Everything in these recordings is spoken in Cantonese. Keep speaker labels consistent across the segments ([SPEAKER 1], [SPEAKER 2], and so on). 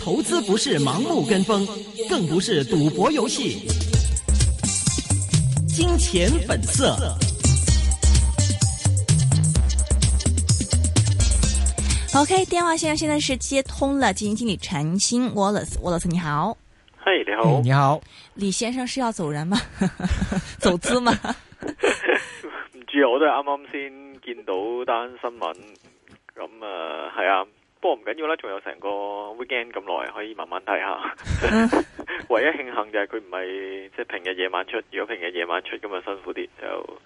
[SPEAKER 1] 投資不是盲目跟風，更不是賭博遊戲。金錢本色。
[SPEAKER 2] OK，電話線現在是接通了，基金經理陳昕 Wallace，Wallace 你好。
[SPEAKER 1] 嘿，你好，你好。
[SPEAKER 2] 李先生是要走人嗎？走資嗎？
[SPEAKER 1] 唔知啊，我都係啱啱先見到單新聞。咁啊，係、嗯、啊，不過唔緊要啦，仲有成個 weekend 咁耐，可以慢慢睇下呵呵。唯一慶幸就係佢唔係即係平日夜晚出，如果平日夜晚出咁啊，就辛苦啲，就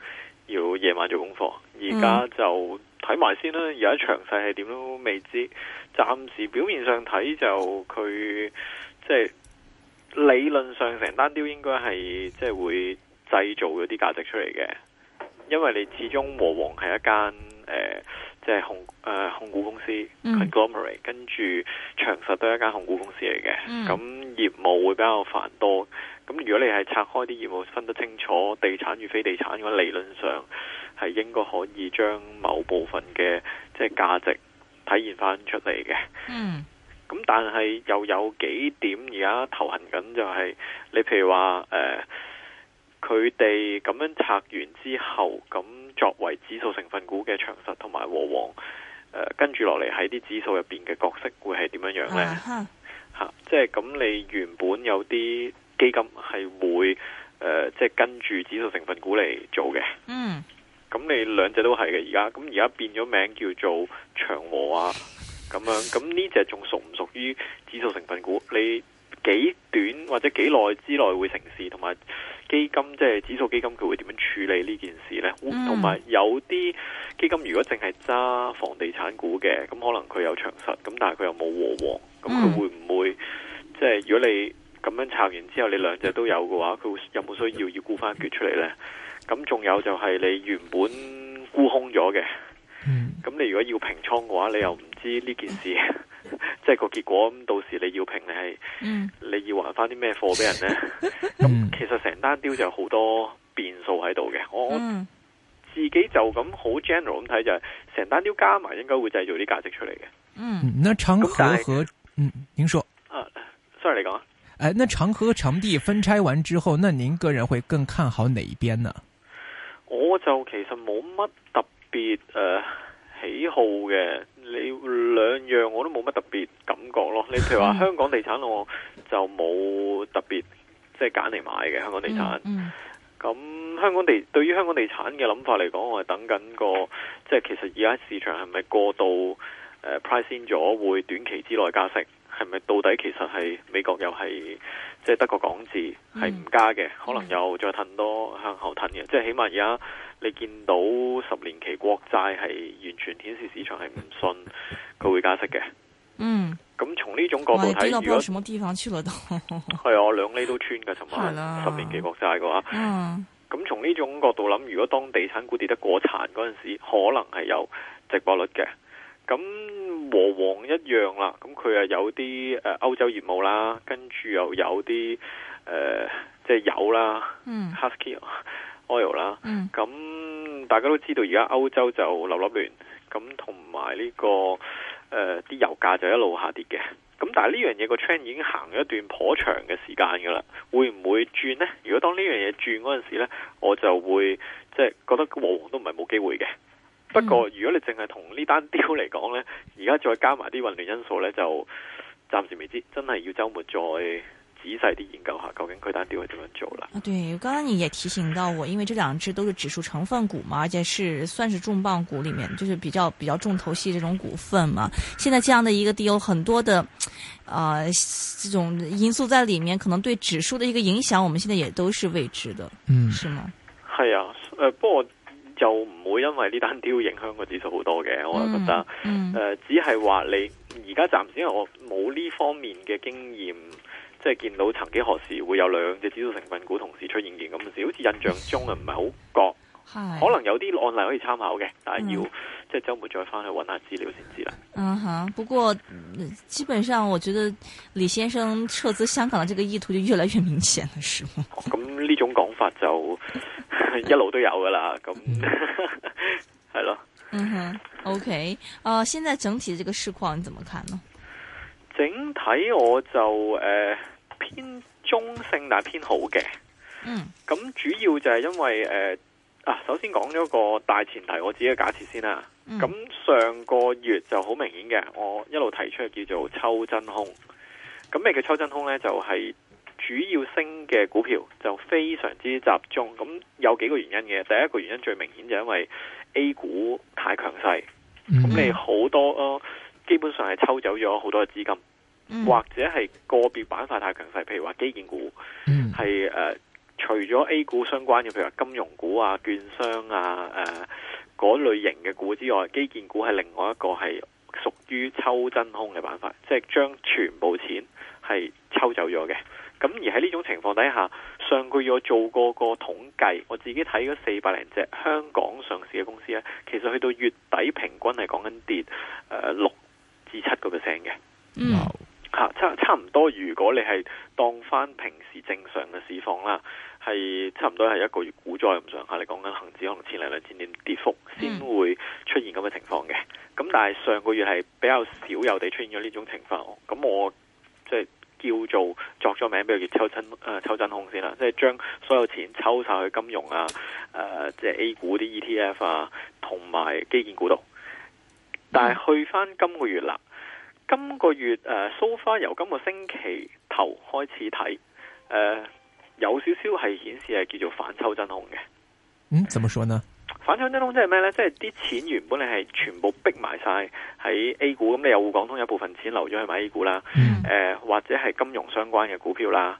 [SPEAKER 1] 要夜晚做功課。而家就睇埋先啦，而家詳細係點都未知。暫時表面上睇就佢即係理論上成單雕應該係即係會製造嗰啲價值出嚟嘅，因為你始終和黃係一間誒。呃即係控誒控股公司
[SPEAKER 3] ，mm.，conglomerate，
[SPEAKER 1] 跟住長實都係一間控股公司嚟嘅。咁，mm. 業務會比較繁多。咁如果你係拆開啲業務分得清楚，地產與非地產嘅，咁理論上係應該可以將某部分嘅即係價值體現翻出嚟嘅。嗯，咁但係又有幾點而家頭痕緊就係，是，你譬如話誒，佢哋咁樣拆完之後咁。作為指數成分股嘅長實同埋和黃、呃，跟住落嚟喺啲指數入邊嘅角色會係點樣樣呢？吓、uh huh. 啊，即係咁你原本有啲基金係會誒、呃，即係跟住指數成分股嚟做嘅。嗯、uh，咁、huh. 你兩隻都係嘅而家，咁而家變咗名叫做長和啊，咁樣咁呢隻仲屬唔屬於指數成分股？你幾短或者幾耐之內會成事，同埋？基金即係指數基金，佢會點樣處理呢件事呢？同埋、mm. 有啲基金如果淨係揸房地產股嘅，咁可能佢有長實，咁但係佢又冇和黃，咁佢會唔會即係、就是、如果你咁樣炒完之後，你兩隻都有嘅話，佢有冇需要要沽翻一橛出嚟咧？咁仲有就係你原本沽空咗嘅。咁、嗯、你如果要平倉嘅話，你又唔知呢件事、嗯、 即係個結果咁，到時你要平你係，嗯、你要還翻啲咩貨俾人咧？咁、嗯 嗯、其實成單雕就有好多變數喺度嘅。我自己就咁好 general 咁睇就係成單雕加埋應該會製造啲價值出嚟嘅。嗯，那長和是嗯，您說 s、啊、sorry 你講誒、哎，那長和長地分拆完之後，那您個人會更看好哪一邊呢？我就其實冇乜特別誒、呃、喜好嘅，你兩樣我都冇乜特別感覺咯。你譬如話香，香港地產，我就冇特別即係揀嚟買嘅香港地產。咁香港地對於香港地產嘅諗法嚟講，我係等緊個即係其實而家市場係咪過度誒 price in 咗，會短期之內加息？係咪到底其實係美國又係即係得個講字係唔加嘅？嗯、可能又再褪多向後褪嘅，嗯、即係起碼而家你見到十年期國債係完全顯示市場係唔信佢會加息嘅。
[SPEAKER 2] 嗯，
[SPEAKER 1] 咁從呢種角度睇，是如果係 啊我兩厘都穿嘅，同埋十年期國債嘅話，咁、嗯、從呢種角度諗，如果當地產股跌得過殘嗰陣時候，可能係有值博率嘅。咁和黃一樣啦，咁佢又有啲誒歐洲業務啦，跟住又有啲誒即係油啦，嗯，Husky Oil 啦，嗯，咁大家都知道而家歐洲就立立亂，咁同埋呢個誒啲、呃、油價就一路下跌嘅，咁但係呢樣嘢個 trend 已經行咗一段頗長嘅時間㗎啦，會唔會轉呢？如果當呢樣嘢轉嗰陣時咧，我就會即係、就是、覺得和黃都唔係冇機會嘅。不過，如果你淨係同呢單雕嚟講呢，而家再加埋啲混亂因素呢，就暫時未知，真係要周末再仔細啲研究下，究竟佢單
[SPEAKER 2] 雕係點樣做啦。啊，對，剛剛你也提醒到我，因為這兩隻都是指數成分股嘛，而且是算是重磅股裡面，就是比較比較重頭戲這種股份嘛。現在這樣的一個 deal 很多的，呃，這種因素在裡面，可能對指數的一個影響，我們現在也都是未知的。嗯，是嗎？
[SPEAKER 1] 係啊，誒、呃，不過。就唔會因為呢單挑，影響個指數好多嘅，我就覺得，嗯嗯呃、只係話你而家暫時，因為我冇呢方面嘅經驗，即係見到曾幾何時會有兩隻指數成分股同時出現咁嘅事，好似印象中啊唔係好覺， 可能有啲案例可以參考嘅，但係要、嗯、即係周末再翻去揾下資料先知啦。嗯
[SPEAKER 2] 哼，不過基本上，我覺得李先生撤資香港嘅這個意圖就越來越明顯了，是嗎？
[SPEAKER 1] 咁 呢、嗯、種講法就。 一路都有噶啦，咁係咯。嗯
[SPEAKER 2] 哼，OK，啊，現在整體嘅這個市況你怎麼看呢？
[SPEAKER 1] 整體我就誒、呃、偏中性但係偏好嘅。嗯、mm。咁、hmm. 主要就係因為誒、呃、啊，首先講咗個大前提，我自己嘅假設先啦。嗯、mm。咁、hmm. 上個月就好明顯嘅，我一路提出嘅叫做抽真空。咁咩叫抽真空呢，就係、是。主要升嘅股票就非常之集中，咁有幾個原因嘅。第一個原因最明顯就係因為 A 股太強勢，
[SPEAKER 3] 咁、mm hmm. 你
[SPEAKER 1] 好多咯，基本上係抽走咗好多嘅資金，mm hmm. 或者係個別板塊太強勢，譬如話基建股係誒、mm hmm. 呃，除咗 A 股相關嘅，譬如話金融股啊、券商啊、誒、呃、嗰類型嘅股之外，基建股係另外一個係屬於抽真空嘅板塊，即係將全部錢係抽走咗嘅。咁而喺呢種情況底下，上個月我做過個統計，我自己睇咗四百零隻香港上市嘅公司咧，其實去到月底平均係講緊跌誒六至七個 percent 嘅。嗯、呃，嚇、mm. 差差唔多。如果你係當翻平時正常嘅市況啦，係差唔多係一個月股災咁上下你講緊，恒指可能千零兩千點跌幅先會出現咁嘅情況嘅。咁、mm. 但係上個月係比較少有地出現咗呢種情況。咁我即係。叫做作咗名，畀佢叫抽真誒抽真空先啦，即係將所有錢抽晒去金融啊誒，即、呃、係 A 股啲 ETF 啊，同埋基建股度。但係去翻今個月啦，今、這個月誒、呃、so far 由今個星期頭開始睇誒、呃，有少少係顯示係叫做反抽真空嘅。嗯，怎麼說呢？反向得通即係咩呢？即係啲錢原本你係全部逼埋晒喺 A 股，咁你有滬港通有部分錢流咗去買 A 股啦，誒、嗯呃、或者係金融相關嘅股票啦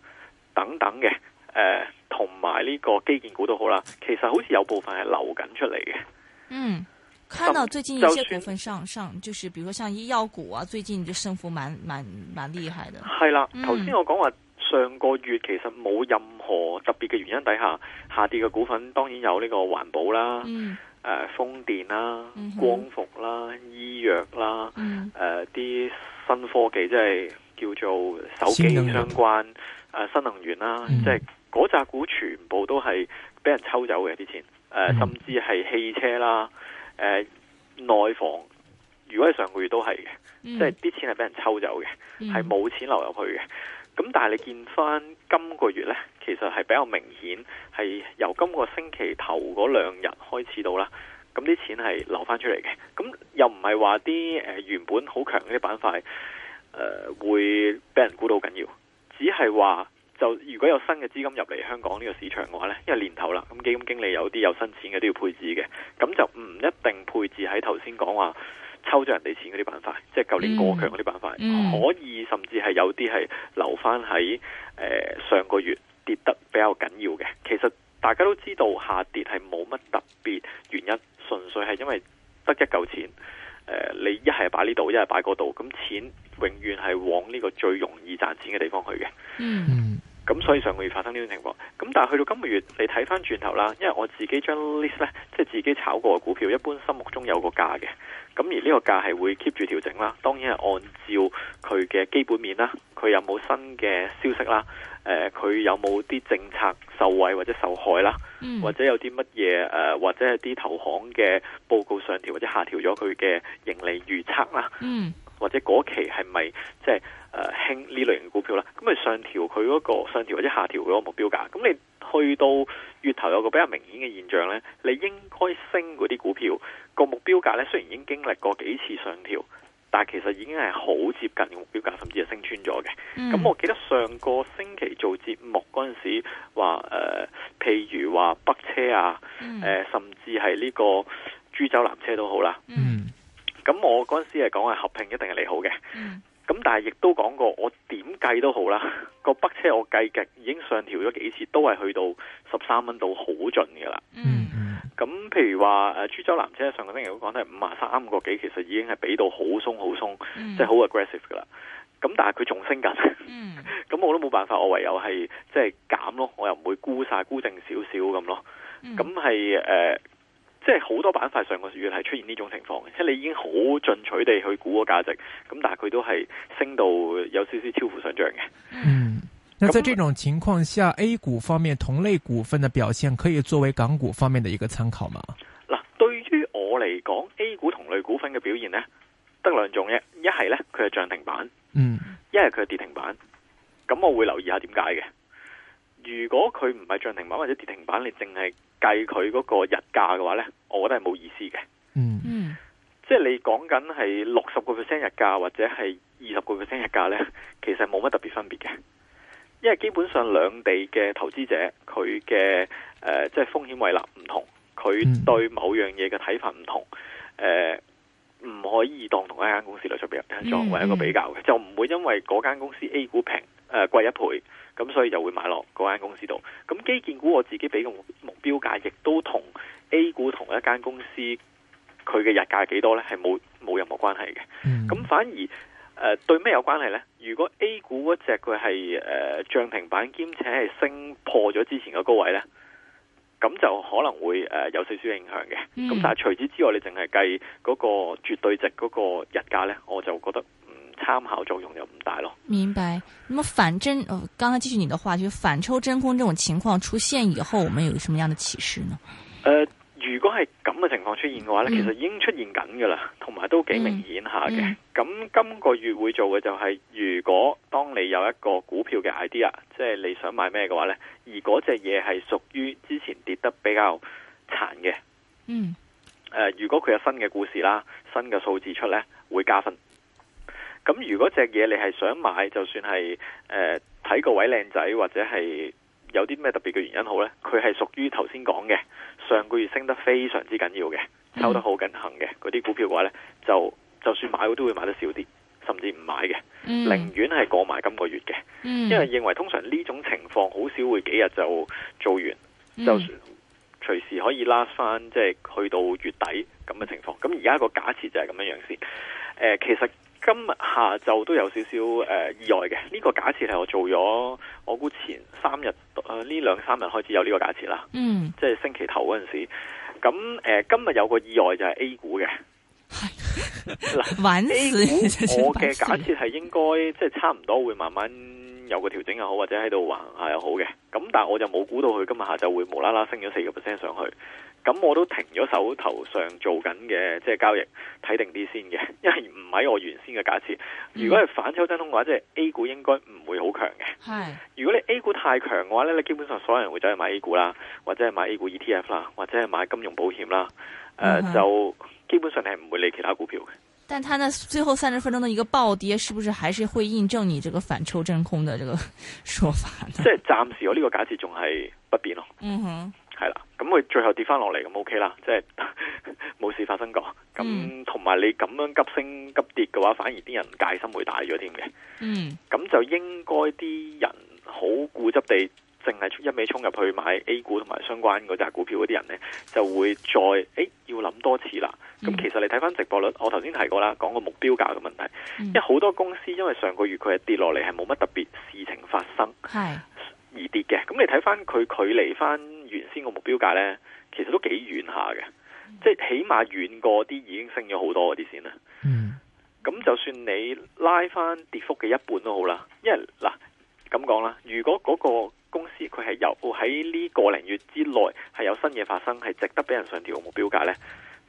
[SPEAKER 1] 等等嘅，誒同埋呢個基建股都好啦。其實好似有部分係流緊出嚟嘅。
[SPEAKER 2] 嗯，看到最近一些股份上上，嗯、就是比如說像醫藥股啊，最近就升幅蠻蠻蠻厲害的。係啦、嗯，頭先
[SPEAKER 1] 我講話。上個月其實冇任何特別嘅原因底下下跌嘅股份，當然有呢個環保啦、誒、嗯呃、風電啦、嗯、哼光伏啦、醫藥啦、誒啲、嗯呃、新科技，即係叫做手機相關、誒新、嗯呃、新能源啦，即係嗰扎股全部都係俾人抽走嘅啲錢，誒甚至係汽車啦、誒、呃、內房，如果係上個月都係嘅，嗯、即係啲錢係俾人抽走嘅，係冇、嗯、錢流入去嘅。咁但係你見翻今個月呢，其實係比較明顯，係由今個星期頭嗰兩日開始到啦，咁啲錢係流翻出嚟嘅。咁又唔係話啲誒原本好強嘅板塊，誒、呃、會俾人估到好緊要，只係話就如果有新嘅資金入嚟香港呢個市場嘅話呢，因為年頭啦，咁基金經理有啲有新錢嘅都要配置嘅，咁就唔一定配置喺頭先講話。抽咗人哋錢嗰啲板塊，即係舊年過強嗰啲板塊，嗯嗯、可以甚至係有啲係留翻喺誒上個月跌得比較緊要嘅。其實大家都知道下跌係冇乜特別原因，純粹係因為得一嚿錢。誒、呃，你一係擺呢度，一係擺嗰度，咁錢永遠係往呢個最容易賺錢嘅地方去嘅。嗯。咁所以上個月發生呢種情況，咁但係去到今個月，你睇翻轉頭啦，因為我自己將 list 咧，即係自己炒過嘅股票，一般心目中有個價嘅，咁而呢個價係會 keep 住調整啦。當然係按照佢嘅基本面啦，佢有冇新嘅消息啦，誒、呃，佢有冇啲政策受惠或者受害啦，嗯呃，或者有啲乜嘢誒，或者係啲投行嘅報告上調或者下調咗佢嘅盈利預測啦，嗯，或者嗰期係咪即係？誒，輕呢類型股票啦，咁佢上調佢嗰個上調或者下調佢個目標價。咁你去到月頭有個比較明顯嘅現象呢，你應該升嗰啲股票個目標價呢。雖然已經經歷過幾次上調，但係其實已經係好接近個目標價，甚至係升穿咗嘅。咁、嗯、我記得上個星期做節目嗰陣時，話、呃、誒，譬如話北車啊，誒、嗯呃，甚至係呢個株洲南車都好啦。嗯，咁我嗰陣時係講係合併一定係利好嘅。
[SPEAKER 3] 嗯。
[SPEAKER 1] 咁、嗯、但係亦都講過，我點計都好啦，個北車我計極已經上調咗幾次，都係去到十三蚊到好盡嘅啦。嗯，咁譬如話誒，株洲南車上個星期都講得係，五啊三個幾，其實已經係俾到好鬆好鬆，即係好 aggressive 噶啦。咁、嗯、但係佢仲升緊，咁、嗯、我都冇辦法，我唯有係即係減咯，我又唔會沽晒，沽定少少咁咯。咁係誒。即係好多板塊上個月係出現呢種情況，即係你已經好進取地去估個價值，咁但係佢都係升到有少少超乎想象嘅。嗯，那在這種情況下，嗯，A 股方面同類股份的表現可以作為港股方面的一個參考嗎？嗱，對於我嚟講，A 股同類股份嘅表現呢，得兩種嘅，一係呢，佢係漲停板，嗯，一係佢係跌停板，咁我會留意一下點解嘅。如果佢唔係漲停板或者跌停板，你淨係。計佢嗰個日價嘅話呢，我覺得係冇意思嘅。嗯嗯，即係你講緊係六十個 percent 日價或者係二十個 percent 日價呢，其實冇乜特別分別嘅，因為基本上兩地嘅投資者佢嘅誒，即係、呃就是，風險位立唔同，佢對某樣嘢嘅睇法唔同，誒、呃，唔可以當同一間公司嚟做比，作為一個比較嘅，就唔會因為嗰間公司 A 股平，誒，貴、呃、一倍，咁所以就會買落嗰間公司度。咁基建股我自己俾個目標價，亦都同 A 股同一間公司佢嘅日價幾多呢？係冇冇任何關係嘅。咁、嗯、反而誒、呃、對咩有關係呢？如果 A 股嗰隻佢係誒漲停板，兼且係升破咗之前嘅高位呢，咁就可能會誒、呃、有少少影響嘅。咁、嗯、但係除此之外，你淨係計嗰個絕對值嗰個日價呢，我就覺得。參考作用又唔大咯。
[SPEAKER 2] 明白。咁，麼反抽，哦、呃，剛才繼續你的話，就是、反抽真空這種情況出現以後，我們有什麼樣的啟示呢？
[SPEAKER 1] 呃、如果係咁嘅情況出現嘅話呢、嗯、其實已經出現緊噶啦，同埋都幾明顯下嘅。咁今、嗯、個月會做嘅就係、是，如果當你有一個股票嘅 idea，即係你想買咩嘅話呢，而嗰隻嘢係屬於之前跌得比較殘嘅，
[SPEAKER 3] 嗯、
[SPEAKER 1] 呃，如果佢有新嘅故事啦，新嘅數字出呢，會加分。咁如果隻嘢，你係想買，就算係誒睇個位靚仔，或者係有啲咩特別嘅原因好呢？佢係屬於頭先講嘅，上個月升得非常之緊要嘅，收得好緊行嘅嗰啲股票嘅話呢，就就算買都會買得少啲，甚至唔買嘅，寧願係過埋今個月嘅，
[SPEAKER 3] 嗯、因為認為通常
[SPEAKER 1] 呢種情況好少會幾日就做完，嗯、就隨時可以拉翻，即係去到月底咁嘅情況。咁而家個假設就係咁樣樣先，誒、呃、其實。今日下晝都有少少、呃、意外嘅。呢、呢個假設係我做咗，我估前三日呢兩、呃、三日開始有呢個假設啦，嗯，即係星期頭嗰陣時。咁、呃、今日有個意外就係 A 股嘅，
[SPEAKER 2] 玩 A 股。我嘅
[SPEAKER 1] 假設係應該即係差唔多會慢慢有個調整又好，或者喺度橫下又好嘅。咁但係我就冇估到佢今日下晝會無啦啦升咗四個 percent 上去。咁我都停咗手頭上做緊嘅，即係交易睇定啲先嘅，因為唔係我原先嘅假設。嗯、如果係反抽真空嘅話，即係 A 股應該唔會好強嘅。係，如果你 A 股太強嘅話咧，你基本上所有人會走去買 A 股啦，或者係買 A 股 ETF 啦，或者係買金融保險啦。誒、呃，嗯哼，就基本上係唔會理會其他股票嘅。
[SPEAKER 2] 但他呢最後三十分鐘嘅一個暴跌，是不是還是會印證你這個反抽真空的這個說法
[SPEAKER 1] 呢？即係暫時我呢個假設仲係不變咯。嗯哼。係啦，咁佢最後跌翻落嚟咁 OK 啦，即係冇 事發生過。咁同埋你咁樣急升急跌嘅話，反而啲人戒心會大咗添嘅。嗯，咁就應該啲人好固執地，淨係一味衝入去買 A 股同埋相關嗰隻股票嗰啲人咧，就會再誒、欸、要諗多次啦。咁其實你睇翻直播率，我頭先提過啦，講個目標價嘅問題，嗯、因為好多公司因為上個月佢跌落嚟係冇乜特別事情發生，係而跌嘅。咁的你睇翻佢距離翻。原先個目標價呢，其實都幾遠下嘅，mm. 即係起碼遠過啲已經升咗好多嗰啲先啦。嗯，咁就算你拉翻跌幅嘅一半都好啦，因為嗱咁講啦，如果嗰個公司佢係由喺呢個零月之內係有新嘢發生，係值得俾人上調個目標價呢，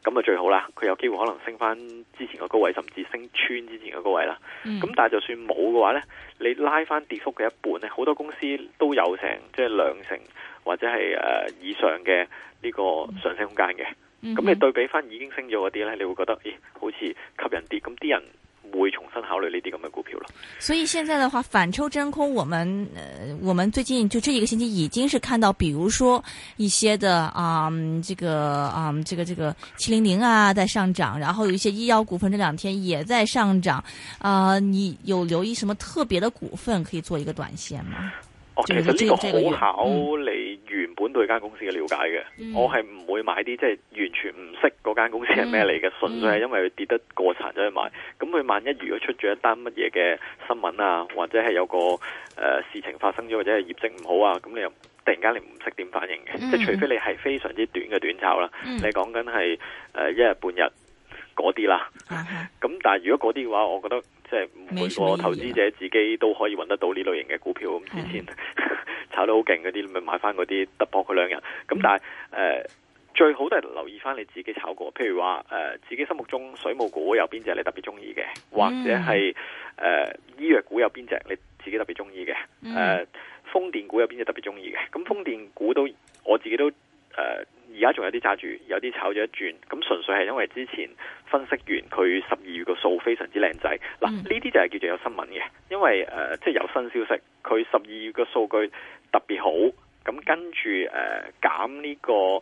[SPEAKER 1] 咁啊最好啦，佢有機會可能升翻之前個高位，甚至升穿之前個高位啦。咁、mm. 但係就算冇嘅話呢，你拉翻跌幅嘅一半呢，好多公司都有成即係兩成。或者係誒、呃、以上嘅呢個上升空間嘅，咁你、嗯、哼對比翻已經升咗嗰啲咧，你會覺得咦、哎、好似吸引啲，咁啲人會重新考慮呢啲咁嘅股票咯。
[SPEAKER 2] 所以現在的話，反抽真空，我們誒、呃，我們最近就這一個星期已經是看到，比如說一些的啊、呃，這個啊、呃，這個這個七零零啊，在上漲，然後有一些醫藥股份，這兩天也在上漲。啊、呃，你有留意什麼特別的股份可以做一個短線嗎？哦，其實呢個好考
[SPEAKER 1] 你原本對間公司嘅了解嘅，嗯、我係唔會買啲即係完全唔識嗰間公司係咩嚟嘅，純粹係因為佢跌得過殘咗去買。咁佢萬一如果出咗一單乜嘢嘅新聞啊，或者係有個誒、呃、事情發生咗，或者係業績唔好啊，咁你又突然間你唔識點反應嘅，嗯、即係除非你係非常之短嘅短炒啦，嗯、你講緊係誒一日半日嗰啲啦。咁、嗯、但係如果嗰啲嘅話，我覺得。即係每個投資者自己都可以揾得到呢類型嘅股票。咁之前、嗯、 炒得好勁嗰啲，咪買翻嗰啲突破佢兩日。咁但係誒，嗯、最好都係留意翻你自己炒過。譬如話誒、呃，自己心目中水務股有邊隻你特別中意嘅，或者係誒、呃、醫藥股有邊隻你自己特別中意嘅，誒、呃、風電股有邊隻特別中意嘅。咁、呃、風，風電股都我自己都誒。呃而家仲有啲揸住，有啲炒咗一轉，咁純粹係因為之前分析完佢十二月個數非常之靚仔，嗱呢啲就係叫做有新聞嘅，因為誒即係有新消息，佢十二月個數據特別好，咁跟住誒減呢個誒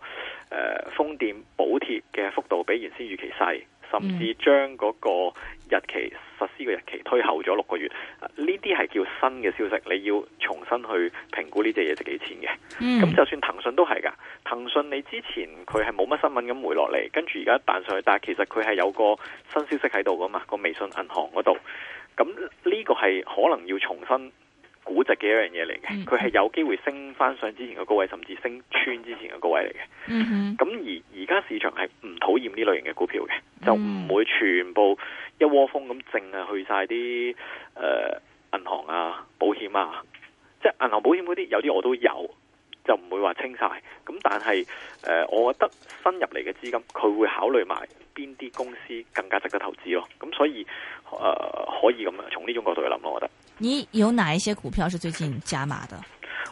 [SPEAKER 1] 風電補貼嘅幅度比原先預期細。甚至將嗰個日期實施嘅日期推後咗六個月，呢啲係叫新嘅消息，你要重新去評估呢隻嘢值幾錢嘅。
[SPEAKER 3] 咁、嗯、就算
[SPEAKER 1] 騰訊都係噶，騰訊你之前佢係冇乜新聞咁回落嚟，跟住而家彈上去，但係其實佢係有個新消息喺度噶嘛，個微信銀行嗰度。咁呢個係可能要重新。估值嘅一樣嘢嚟嘅，佢係有機會升翻上之前嘅高位，甚至升穿之前嘅高位嚟嘅。咁、mm hmm. 而而家市場係唔討厭呢類型嘅股票嘅，
[SPEAKER 3] 就唔會
[SPEAKER 1] 全部一窩蜂咁淨係去晒啲誒銀行啊、保險啊，即係銀行保險嗰啲有啲我都有，就唔會話清晒。咁但係誒、呃，我覺得新入嚟嘅資金佢會考慮埋邊啲公司更加值得投資咯。咁所以誒、呃，可以咁樣從呢種角度去諗咯，我覺得。
[SPEAKER 2] 你有哪一些股票是最近加碼的？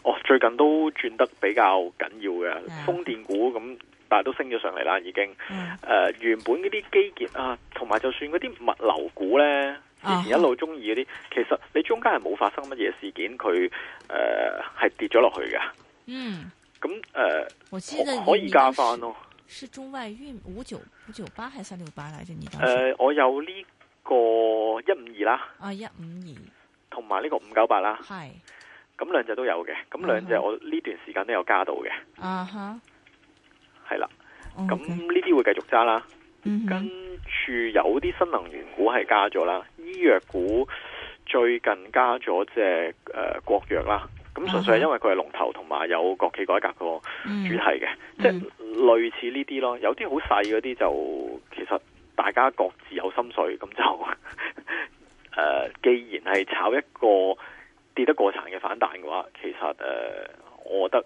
[SPEAKER 1] 哦，最近都轉得比較緊要嘅，啊、風電股咁，但係都升咗上嚟啦，已經。誒、嗯呃，原本嗰啲基建啊，同埋就算嗰啲物流股咧，以前一路中意嗰啲，啊、其實你中間係冇發生乜嘢事件，佢誒係跌咗落去嘅。
[SPEAKER 2] 嗯，
[SPEAKER 1] 咁誒，我知，可以加翻咯、
[SPEAKER 2] 哦。是中外運五九九八係十六八啦，仲二。誒、呃，
[SPEAKER 1] 我有呢個一五二啦。
[SPEAKER 2] 啊，一五二。
[SPEAKER 1] 話呢個五九八啦，係咁兩隻都有嘅，咁兩隻我呢段時間都有加到嘅，啊哈、mm，係、hmm. mm hmm. 啦，咁呢啲會繼續揸啦，跟住有啲新能源股係加咗啦，醫藥股最近加咗隻誒國藥啦，咁純粹係因為佢係龍頭同埋、mm hmm. 有國企改革個主題嘅，即係類似呢啲咯，有啲好細嗰啲就其實大家各自有心水，咁就。誒、呃，既然係炒一個跌得過殘嘅反彈嘅話，其實誒、呃，我覺得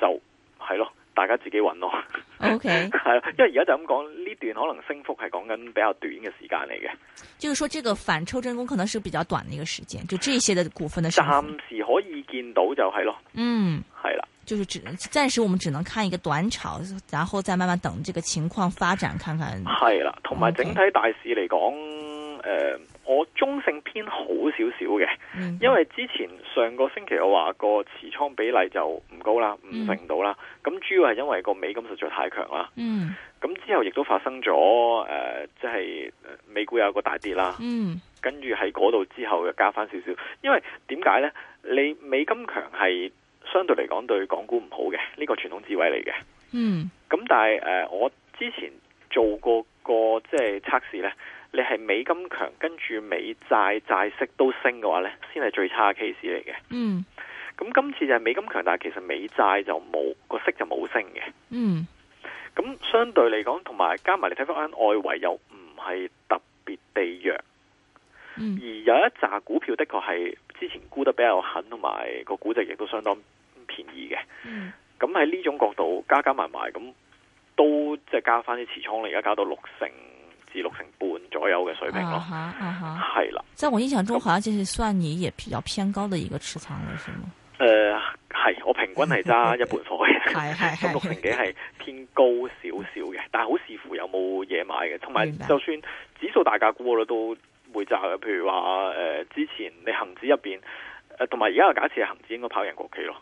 [SPEAKER 1] 就係咯，大家自己揾咯。OK，係，因為而家就咁講，呢段可能升幅係講緊比較短嘅時間嚟嘅。
[SPEAKER 2] 就是說，這個反抽真空可能是比較短的一個時間，就這些的股份的時間暫
[SPEAKER 1] 時可以見到就係咯。
[SPEAKER 2] 嗯，係啦，就是只暫時我們只能看一個短炒，然後再慢慢等這個情況發展，看看。係
[SPEAKER 1] 啦，同埋整體大市嚟講，誒 Okay.、呃。中性偏好少少嘅，因為之前上個星期我話個持倉比例就唔高啦，五成到啦。咁、嗯、主要係因為個美金實在太強啦。咁、嗯、之後亦都發生咗誒，即、呃、係、就是、美股有個大跌啦。跟住喺嗰度之後又加翻少少，因為點解咧？你美金強係相對嚟講對港股唔好嘅，呢、這個傳統智慧嚟嘅。咁、嗯、但係誒、呃，我之前做過個即係測試咧。就是你係美金強，跟住美債債息都升嘅話呢，先係最差嘅 case 嚟嘅。嗯，咁今次就係美金強，但係其實美債就冇個息就冇升嘅。嗯，咁相對嚟講，同埋加埋嚟睇翻外圍又唔係特別地弱。嗯，而有一扎股票的確係之前沽得比較狠，同埋個股值亦都相當便宜嘅。咁喺呢種角度加加埋埋，咁都即係加翻啲持倉，你而家加到六成至六成半左右嘅水
[SPEAKER 2] 平咯，係啦。在我印象中，嗯、好像就算你也比較偏高嘅一個持倉，係咪？誒、
[SPEAKER 1] 呃，係我平均係揸一半貨，係係六成幾係偏高少少嘅， 但係好視乎有冇嘢買嘅。同埋，就算指數大家估啦，都會賺嘅。譬如話，誒、呃、之前你恒指入邊，誒同埋而家假設恒指應該跑贏國企咯。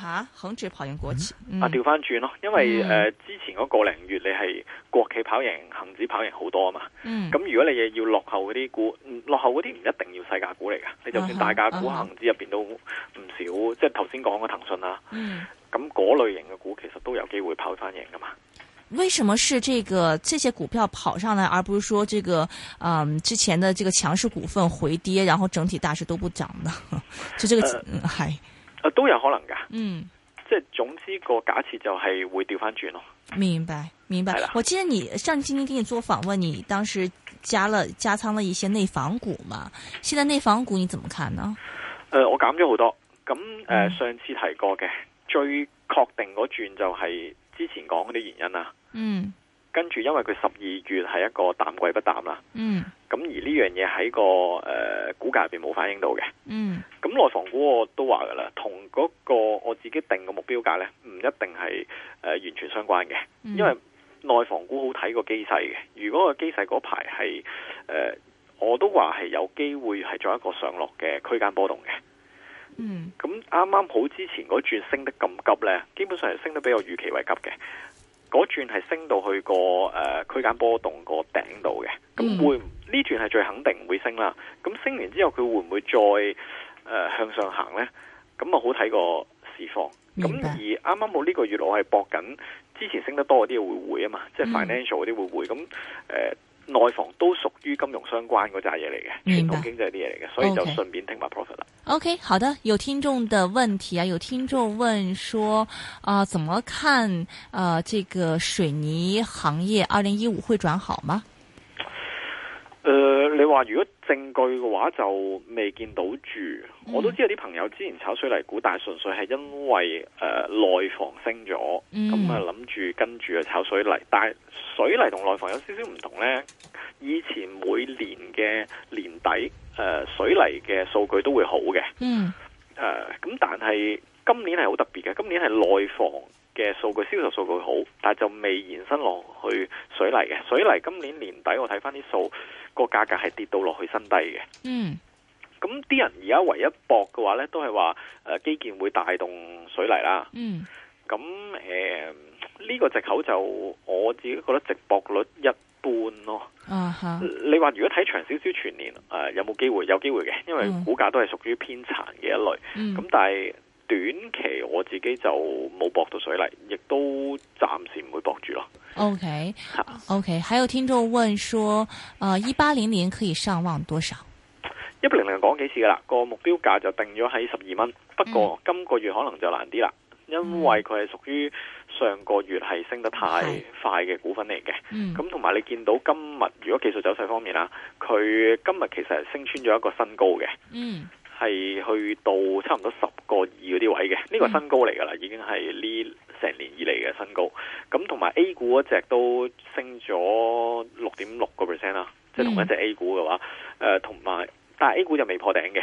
[SPEAKER 2] 吓，恒指跑贏國企。嗯、啊，調
[SPEAKER 1] 翻轉咯，因為誒、嗯呃，之前嗰個零月你係國企跑贏恒指跑贏好多啊嘛。咁、嗯、如果你要落後嗰啲股，落後嗰啲唔一定要細價股嚟噶，你就算大價、嗯嗯、股恒指入邊都唔少。嗯、即係頭先講嘅騰訊啦，嗯咁嗰類型嘅股其實都有機會跑翻贏噶嘛。
[SPEAKER 2] 為什麼是這個這些股票跑上來，而不是說這個嗯、呃、之前的這個強勢股份回跌，然後整體大市都不漲呢？ 就這個，唉、
[SPEAKER 1] 呃。嗯都有可能噶，嗯，即係總之個假設就係會調翻轉咯。
[SPEAKER 2] 明白，明白。係啦，我記得你上次，今天跟你做訪問，你當時加了加倉了一些內房股嘛？現在內房股你怎麼看呢？誒、
[SPEAKER 1] 呃，我減咗好多，咁誒，呃嗯、上次提過嘅，最確定嗰轉就係之前講嗰啲原因啦。嗯。跟住，因為佢十二月係一個淡季不淡啦。嗯。咁而呢樣嘢喺個誒、呃、股價入邊冇反應到嘅。嗯。咁內房股我都話噶啦，同嗰個我自己定嘅目標價呢，唔一定係、呃、完全相關嘅。因為內房股好睇個機勢嘅，如果個機勢嗰排係、呃、我都話係有機會係做一個上落嘅區間波動嘅。嗯。咁啱啱好之前嗰轉升得咁急呢，基本上係升得比較預期為急嘅。嗰段係升到去，個誒區間波動個頂度嘅，咁會呢、嗯、段係最肯定唔會升啦。咁升完之後佢會唔會再誒、呃、向上行呢？咁啊好睇個市況。咁白而啱啱我呢個月我係搏緊之前升得多嗰啲會會啊嘛，即、就、係、是、financial 嗰啲會會咁誒。嗯內房都屬於金融相關嗰扎嘢嚟嘅，傳統經濟啲嘢嚟嘅，所以就順便聽埋 profit 啦。O、
[SPEAKER 2] okay. K，、okay, 好的，有聽眾的問題啊，有聽眾問說啊、呃，怎麼看啊、呃，這個水泥行業二零一五會轉好嗎？
[SPEAKER 1] 誒、呃，你話如果證據嘅話，就未見到住。嗯、我都知道啲朋友之前炒水泥股，但係純粹係因為誒內、呃、房升咗，咁啊諗住跟住去炒水泥，但水泥同內房有少少唔同呢。以前每年嘅年底，誒、呃、水泥嘅數據都會好嘅。嗯、mm. 呃。誒，咁但係今年係好特別嘅，今年係內房嘅數據銷售數據好，但係就未延伸落去水泥嘅。水泥今年年底我睇翻啲數，個價格係跌到落去新低嘅。嗯。咁啲人而家唯一搏嘅話呢，都係話誒基建會帶動水泥啦。嗯、mm.。咁、呃、誒。呢個藉口就我自己覺得值博率一般咯。Uh
[SPEAKER 3] huh. 你
[SPEAKER 1] 話如果睇長少少全年誒、呃，有冇機會？有機會嘅，因為股價都係屬於偏殘嘅一類。咁、um. 嗯、但係短期我自己就冇博到水嚟，亦都暫時唔會博住咯。
[SPEAKER 2] OK，OK，、okay. okay. 還有聽眾問說，誒、呃，一八零零可以上望多少？
[SPEAKER 1] 一八零零講幾次噶啦？個目標價就定咗喺十二蚊，不過今、um. 個月可能就難啲啦，因為佢係屬於。上個月係升得太快嘅股份嚟嘅，咁同埋你見到今日如果技術走勢方面啦，佢今日其實係升穿咗一個新高嘅，係、嗯、去到差唔多十個二嗰啲位嘅，呢、這個新高嚟噶啦，嗯、已經係呢成年以嚟嘅新高。咁同埋 A 股嗰隻都升咗六點六個 percent 啦，即、就、係、是、同一隻 A 股嘅話，誒同埋，但係 A 股就未破頂嘅，誒、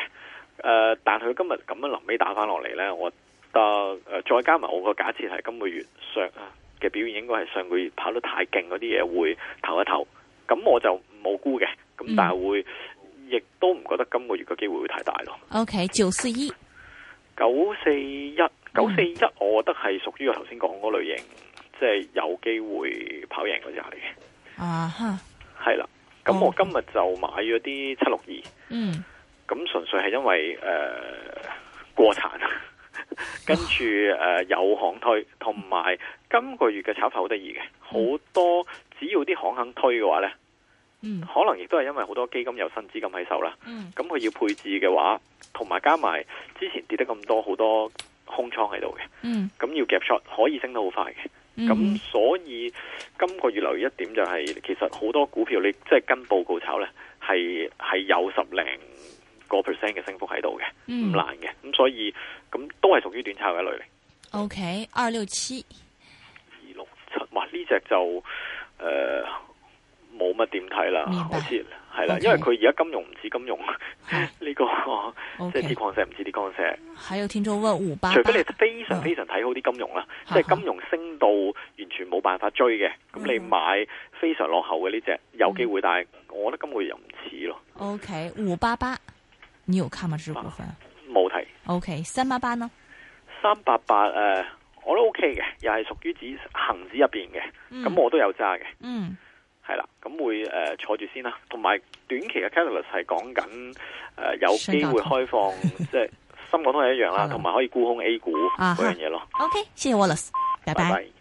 [SPEAKER 1] 呃、但係佢今日咁樣臨尾打返落嚟呢。我。但誒、呃，再加埋我個假設係今個月上嘅表現，應該係上個月跑得太勁嗰啲嘢，會投一投，咁我就冇估嘅，咁、嗯、但係會，亦都唔覺得今個月嘅機會會太大咯。
[SPEAKER 2] OK，九四一，九四一，
[SPEAKER 1] 九四一，我覺得係屬於我頭先講嗰類型，即、就、係、是、有機會跑贏嗰隻係嘅。啊哈、uh，係、huh. 啦，咁我今日就買咗啲七六二，2, 嗯，咁純粹係因為誒、呃、過殘。 跟住誒、呃，有行推，同埋今個月嘅炒法好得意嘅，好、嗯、多只要啲行肯推嘅話呢，嗯，可能亦都係因為好多基金有新資金喺手啦，咁佢、嗯、要配置嘅話，同埋加埋之前跌得咁多，好多空倉喺度嘅，咁、嗯、要夾 short 可以升得好快嘅，咁、嗯、哼所以今個月留意一點就係、是，其實好多股票你即係跟報告炒呢，係係有十零。個 percent 嘅升幅喺度嘅，唔難嘅，咁所以咁都係屬於短炒嘅一類嚟。
[SPEAKER 2] O K，二六七
[SPEAKER 1] 二六七，哇！呢隻就誒冇乜點睇啦，好似係啦，因為佢而家金融唔似金融，呢個即係鐵礦石唔似鐵礦石。
[SPEAKER 2] 還有聽眾問五八八，除非你
[SPEAKER 1] 非常非常睇好啲金融啦，即係金融升到完全冇辦法追嘅，咁你買非常落後嘅呢隻有機會，但係我覺得今個月又唔似咯。
[SPEAKER 2] O K，五八八。你有看嗎？支付寶冇提 O、okay, K，三八八呢？
[SPEAKER 1] 三八八誒，我都 O K 嘅，又係屬於指恒指入邊嘅，咁我都有揸嘅。嗯，係啦，咁、嗯、會誒、呃、坐住先啦。同埋短期嘅 Catalyst 係講緊誒有機會開放，高 即係深港通係一樣啦，同埋 可以沽空 A 股嗰、啊、哈樣嘢咯。
[SPEAKER 2] O、okay, K，謝謝 Wallace，拜拜。拜拜